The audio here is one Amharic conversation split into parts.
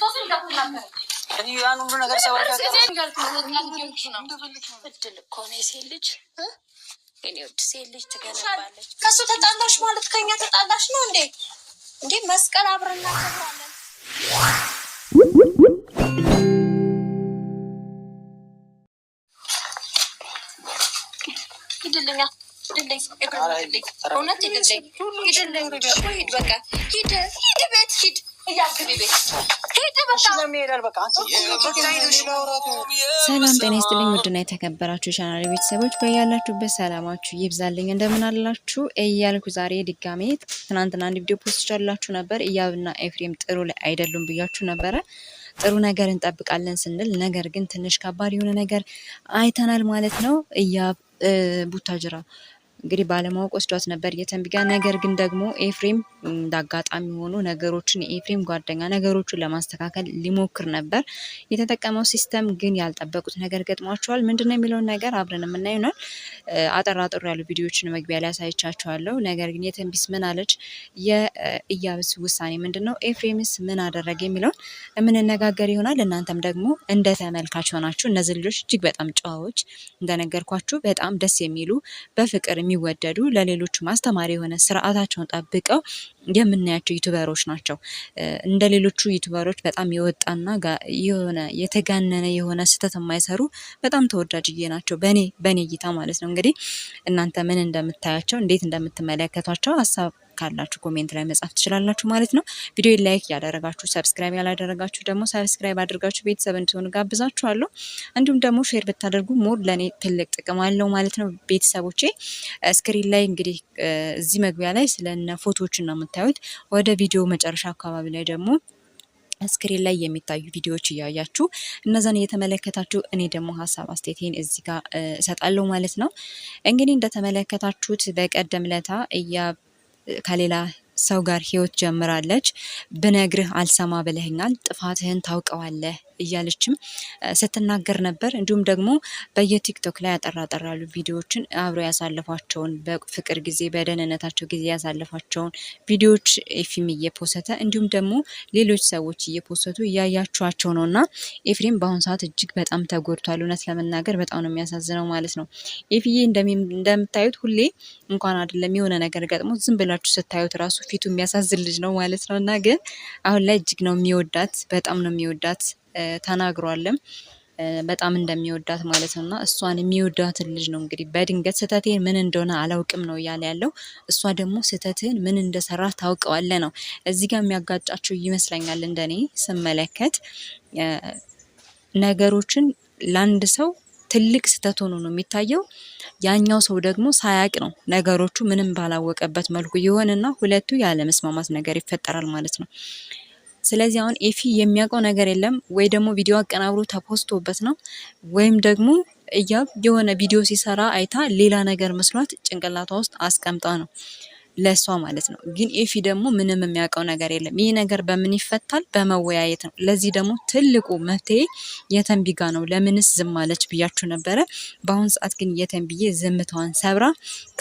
ክርስቶስን ያን ሁሉ ነገር ትገነባለች። ከሱ ተጣላሽ ማለት ከኛ ተጣላሽ ነው እንዴ? እንዴ መስቀል አብረና በቃ ሂድ፣ ሂድ ቤት ሂድ ሰላም ጤና ይስጥልኝ። ውድና የተከበራችሁ የቻናል ቤተሰቦች በያላችሁበት ሰላማችሁ ይብዛልኝ። እንደምን አላችሁ እያልኩ ዛሬ ድጋሜ ትናንትና አንድ ቪዲዮ ፖስት ቻላችሁ ነበር። እያብና ኤፍሬም ጥሩ ላይ አይደሉም ብያችሁ ነበረ። ጥሩ ነገር እንጠብቃለን ስንል ነገር ግን ትንሽ ከባድ የሆነ ነገር አይተናል ማለት ነው። እያብ ቡታጅራ እንግዲህ ባለማወቅ ወስዷት ነበር የተንቢጋ። ነገር ግን ደግሞ ኤፍሬም እንዳጋጣሚ ሆኖ ነገሮችን የኤፍሬም ጓደኛ ነገሮቹን ለማስተካከል ሊሞክር ነበር። የተጠቀመው ሲስተም ግን ያልጠበቁት ነገር ገጥሟቸዋል። ምንድነው የሚለውን ነገር አብረን የምናይ ይሆናል። አጠር አጠር ያሉ ቪዲዮዎችን መግቢያ ላይ አሳይቻቸዋለሁ። ነገር ግን የተንቢስ ምን አለች፣ የእያብስ ውሳኔ ምንድን ነው፣ ኤፍሬምስ ምን አደረገ የሚለውን የምንነጋገር ይሆናል። እናንተም ደግሞ እንደ ተመልካች ሆናችሁ እነዚህ ልጆች እጅግ በጣም ጨዋዎች እንደነገርኳችሁ በጣም ደስ የሚሉ በፍቅር የሚወደዱ ለሌሎቹ ማስተማሪ የሆነ ስርዓታቸውን ጠብቀው የምናያቸው ዩቱበሮች ናቸው። እንደ ሌሎቹ ዩቱበሮች በጣም የወጣና የሆነ የተጋነነ የሆነ ስህተት የማይሰሩ በጣም ተወዳጅዬ ናቸው፣ በኔ በኔ እይታ ማለት ነው። እንግዲህ እናንተ ምን እንደምታያቸው እንዴት እንደምትመለከቷቸው ሀሳብ ካላችሁ ኮሜንት ላይ መጻፍ ትችላላችሁ ማለት ነው። ቪዲዮ ላይክ ያደረጋችሁ፣ ሰብስክራይብ ያላደረጋችሁ ደግሞ ሰብስክራይብ አድርጋችሁ ቤተሰብ እንድትሆኑ ጋብዛችኋለሁ። እንዲሁም ደግሞ ሼር ብታደርጉ ሞር ለእኔ ትልቅ ጥቅም አለው ማለት ነው ቤተሰቦቼ። ስክሪን ላይ እንግዲህ እዚህ መግቢያ ላይ ስለነ ፎቶዎች ነው የምታዩት። ወደ ቪዲዮ መጨረሻ አካባቢ ላይ ደግሞ ስክሪን ላይ የሚታዩ ቪዲዮዎች እያያችሁ እነዛን እየተመለከታችሁ እኔ ደግሞ ሀሳብ አስተያየቴን እዚህ ጋር እሰጣለሁ ማለት ነው። እንግዲህ እንደተመለከታችሁት በቀደም ለታ 卡丽拉。ሰው ጋር ህይወት ጀምራለች። ብነግርህ አልሰማ ብለህኛል፣ ጥፋትህን ታውቀዋለህ እያለችም ስትናገር ነበር። እንዲሁም ደግሞ በየቲክቶክ ላይ ያጠራጠራሉ ቪዲዮዎችን አብረው ያሳለፏቸውን በፍቅር ጊዜ በደህንነታቸው ጊዜ ያሳለፏቸውን ቪዲዮዎች ኤፍሬም እየፖሰተ እንዲሁም ደግሞ ሌሎች ሰዎች እየፖሰቱ እያያችኋቸው ነው እና ኤፍሬም በአሁኑ ሰዓት እጅግ በጣም ተጎድቷል። እውነት ለመናገር በጣም ነው የሚያሳዝነው ማለት ነው። ኤፍዬ እንደምታዩት ሁሌ እንኳን አይደለም የሆነ ነገር ገጥሞ ዝም ብላችሁ ስታዩት ራሱ ፊቱ የሚያሳዝን ልጅ ነው ማለት ነው። እና ግን አሁን ላይ እጅግ ነው የሚወዳት፣ በጣም ነው የሚወዳት ተናግሯለም በጣም እንደሚወዳት ማለት ነው እና እሷን የሚወዳትን ልጅ ነው እንግዲህ በድንገት ስህተትህን ምን እንደሆነ አላውቅም ነው እያለ ያለው። እሷ ደግሞ ስህተትህን ምን እንደሰራ ታውቀዋለ ነው። እዚህ ጋር የሚያጋጫቸው ይመስለኛል እንደኔ ስመለከት ነገሮችን ለአንድ ሰው ትልቅ ስህተት ሆኖ ነው የሚታየው። ያኛው ሰው ደግሞ ሳያቅ ነው ነገሮቹ ምንም ባላወቀበት መልኩ ይሆንና ሁለቱ ያለመስማማት ነገር ይፈጠራል ማለት ነው። ስለዚህ አሁን ኤፊ የሚያውቀው ነገር የለም ወይ ደግሞ ቪዲዮ አቀናብሮ ተፖስቶበት ነው ወይም ደግሞ እያብ የሆነ ቪዲዮ ሲሰራ አይታ ሌላ ነገር መስሏት ጭንቅላቷ ውስጥ አስቀምጣ ነው። ለእሷ ማለት ነው። ግን ኤፊ ደግሞ ምንም የሚያውቀው ነገር የለም። ይህ ነገር በምን ይፈታል? በመወያየት ነው። ለዚህ ደግሞ ትልቁ መፍትሄ የተንቢጋ ነው። ለምንስ ዝም አለች ብያችሁ ነበረ። በአሁኑ ሰዓት ግን የተንብዬ ዝምታዋን ሰብራ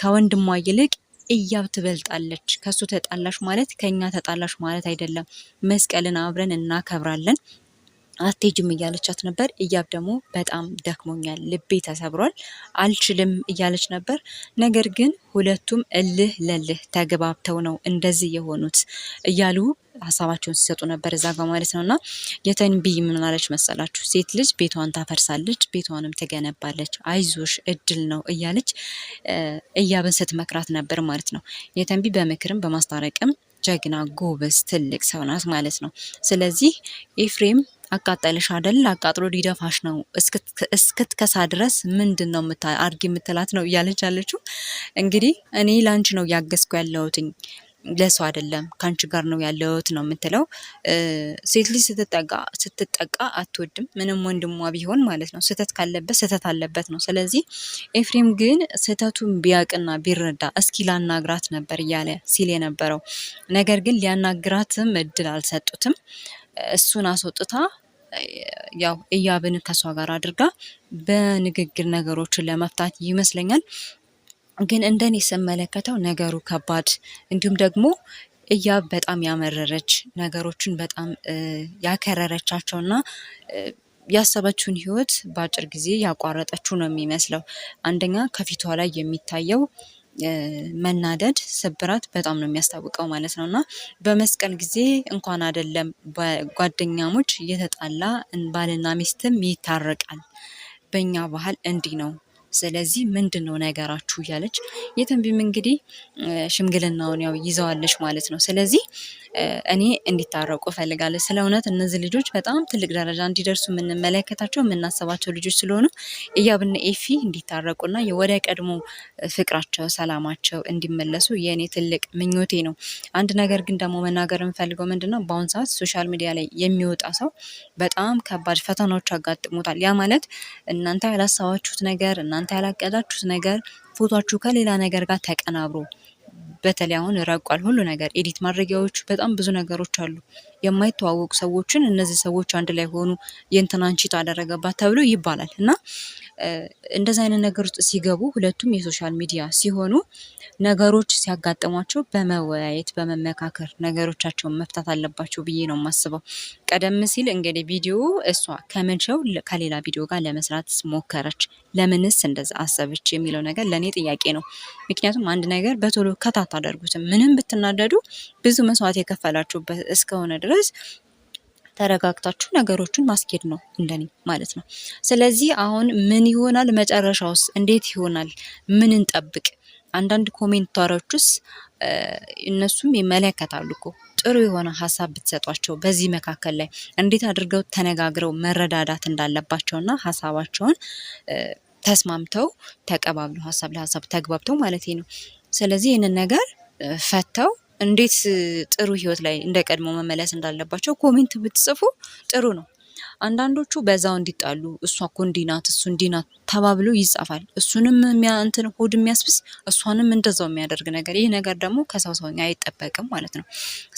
ከወንድሟ ይልቅ እያብ ትበልጣለች። ከሱ ተጣላሽ ማለት ከኛ ተጣላሽ ማለት አይደለም። መስቀልን አብረን እናከብራለን። አትሄጂም እያለቻት ነበር። እያብ ደግሞ በጣም ደክሞኛል፣ ልቤ ተሰብሯል፣ አልችልም እያለች ነበር። ነገር ግን ሁለቱም እልህ ለልህ ተግባብተው ነው እንደዚህ የሆኑት እያሉ ሀሳባቸውን ሲሰጡ ነበር እዛ ጋር ማለት ነው። እና የተንቢ ምን መሰላችሁ? ሴት ልጅ ቤቷን ታፈርሳለች፣ ቤቷንም ትገነባለች፣ አይዞሽ እድል ነው እያለች እያብን ስትመክራት ነበር ማለት ነው። የተንቢ በምክርም በማስታረቅም ጀግና፣ ጎበዝ፣ ትልቅ ሰው ናት ማለት ነው። ስለዚህ ኤፍሬም አቃጠልሽ አደል? አቃጥሎ ሊደፋሽ ነው እስክትከሳ ድረስ ምንድን ነው አድርጊ የምትላት ነው እያለች አለችው። እንግዲህ እኔ ላንቺ ነው እያገዝኩ ያለሁትኝ ለሰው አይደለም ከአንቺ ጋር ነው ያለሁት ነው የምትለው። ሴት ልጅ ስትጠቃ ስትጠቃ አትወድም፣ ምንም ወንድሟ ቢሆን ማለት ነው። ስህተት ካለበት ስህተት አለበት ነው። ስለዚህ ኤፍሬም ግን ስህተቱን ቢያቅና ቢረዳ እስኪ ላናግራት ነበር እያለ ሲል የነበረው ነገር ግን ሊያናግራትም እድል አልሰጡትም። እሱን አስወጥታ ያው እያብን ከሷ ጋር አድርጋ በንግግር ነገሮችን ለመፍታት ይመስለኛል። ግን እንደኔ ስመለከተው ነገሩ ከባድ እንዲሁም ደግሞ እያብ በጣም ያመረረች ነገሮችን በጣም ያከረረቻቸውና ያሰበችውን ህይወት በአጭር ጊዜ ያቋረጠችው ነው የሚመስለው። አንደኛ ከፊቷ ላይ የሚታየው መናደድ ስብራት በጣም ነው የሚያስታውቀው ማለት ነው። እና በመስቀል ጊዜ እንኳን አይደለም ጓደኛሞች እየተጣላ ባልና ሚስትም ይታረቃል። በእኛ ባህል እንዲህ ነው። ስለዚህ ምንድን ነው ነገራችሁ እያለች የትንቢም እንግዲህ ሽምግልናውን ያው ይዘዋለች ማለት ነው። ስለዚህ እኔ እንዲታረቁ እፈልጋለሁ። ስለ እውነት እነዚህ ልጆች በጣም ትልቅ ደረጃ እንዲደርሱ የምንመለከታቸው የምናስባቸው ልጆች ስለሆኑ እያብና ኤፊ እንዲታረቁና ወደ ቀድሞ ፍቅራቸው፣ ሰላማቸው እንዲመለሱ የእኔ ትልቅ ምኞቴ ነው። አንድ ነገር ግን ደግሞ መናገር የምፈልገው ምንድነው በአሁኑ ሰዓት ሶሻል ሚዲያ ላይ የሚወጣ ሰው በጣም ከባድ ፈተናዎች አጋጥሞታል። ያ ማለት እናንተ ያላሰባችሁት ነገር እናንተ ያላቀዳችሁት ነገር ፎቷችሁ ከሌላ ነገር ጋር ተቀናብሮ በተለይ አሁን ረቋል ሁሉ ነገር ኤዲት ማድረጊያዎች በጣም ብዙ ነገሮች አሉ። የማይተዋወቁ ሰዎችን እነዚህ ሰዎች አንድ ላይ ሆኑ የእንትናን ቺት አደረገባት ተብሎ ይባላል እና እንደዚህ አይነት ነገር ውስጥ ሲገቡ ሁለቱም የሶሻል ሚዲያ ሲሆኑ ነገሮች ሲያጋጥሟቸው በመወያየት በመመካከር ነገሮቻቸውን መፍታት አለባቸው ብዬ ነው የማስበው። ቀደም ሲል እንግዲህ ቪዲዮ እሷ ከመቼው ከሌላ ቪዲዮ ጋር ለመስራት ሞከረች፣ ለምንስ እንደዛ አሰበች የሚለው ነገር ለእኔ ጥያቄ ነው። ምክንያቱም አንድ ነገር በቶሎ ከታታ አታደርጉትም። ምንም ብትናደዱ ብዙ መስዋዕት የከፈላችሁበት እስከሆነ ድረስ ተረጋግታችሁ ነገሮችን ማስኬድ ነው እንደኔ ማለት ነው። ስለዚህ አሁን ምን ይሆናል መጨረሻውስ እንዴት ይሆናል? ምን እንጠብቅ? አንዳንድ ኮሜንታሮች እነሱም ይመለከታሉ እኮ ጥሩ የሆነ ሀሳብ ብትሰጧቸው በዚህ መካከል ላይ እንዴት አድርገው ተነጋግረው መረዳዳት እንዳለባቸውና ሀሳባቸውን ተስማምተው ተቀባብለው ሀሳብ ለሀሳብ ተግባብተው ማለት ነው። ስለዚህ ይህንን ነገር ፈተው እንዴት ጥሩ ህይወት ላይ እንደ ቀድሞ መመለስ እንዳለባቸው ኮሜንት ብትጽፉ ጥሩ ነው። አንዳንዶቹ በዛው እንዲጣሉ እሷ እኮ እንዲናት እሱ እንዲናት ተባብሎ ይጻፋል። እሱንም እንትን ሆድ የሚያስብስ እሷንም እንደዛው የሚያደርግ ነገር። ይህ ነገር ደግሞ ከሰው ሰው አይጠበቅም ማለት ነው።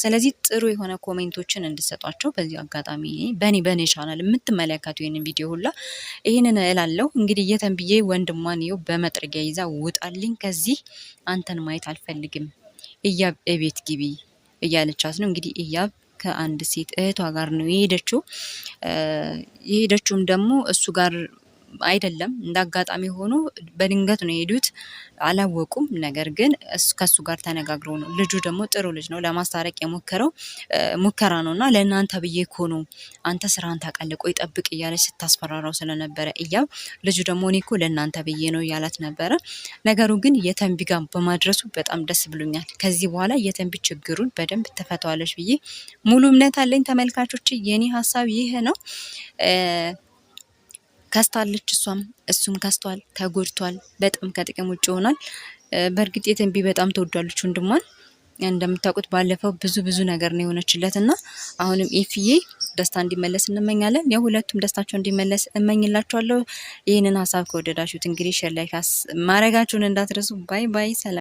ስለዚህ ጥሩ የሆነ ኮሜንቶችን እንድሰጧቸው በዚህ አጋጣሚ በኔ በኔ ቻናል የምትመለከቱ ይህንን ቪዲዮ ሁላ ይህንን እላለሁ። እንግዲህ እየተንብዬ ወንድሟን ይኸው በመጥረጊያ ይዛ ውጣልኝ፣ ከዚህ አንተን ማየት አልፈልግም፣ እያብ እቤት ግቢ እያለቻት ነው እንግዲህ እያብ ከአንድ ሴት እህቷ ጋር ነው የሄደችው። የሄደችውም ደግሞ እሱ ጋር አይደለም። እንደ አጋጣሚ ሆኖ በድንገት ነው የሄዱት፣ አላወቁም። ነገር ግን ከሱ ጋር ተነጋግረው ነው። ልጁ ደግሞ ጥሩ ልጅ ነው። ለማስታረቅ የሞከረው ሙከራ ነው እና ለእናንተ ብዬ እኮ ነው አንተ ስራን ታቀልቆ ይጠብቅ እያለች ስታስፈራራው ስለነበረ እያብ ልጁ ደግሞ እኔ እኮ ለእናንተ ብዬ ነው እያላት ነበረ። ነገሩ ግን የተንቢ ጋር በማድረሱ በጣም ደስ ብሎኛል። ከዚህ በኋላ የተንቢ ችግሩን በደንብ ትፈተዋለች ብዬ ሙሉ እምነት አለኝ። ተመልካቾች የኔ ሀሳብ ይህ ነው። ከስታለች። እሷም እሱም ከስቷል፣ ተጎድቷል። በጣም ከጥቅም ውጭ ሆኗል። በእርግጥ የተንቢ በጣም ተወዷለች ወንድሟን እንደምታውቁት ባለፈው ብዙ ብዙ ነገር ነው የሆነችለት እና አሁንም ኢፍዬ ደስታ እንዲመለስ እንመኛለን። የሁለቱም ደስታቸው እንዲመለስ እመኝላችኋለሁ። ይህንን ሀሳብ ከወደዳችሁት እንግዲህ ሸር ላይ ማድረጋችሁን እንዳትረሱ። ባይ ባይ። ሰላም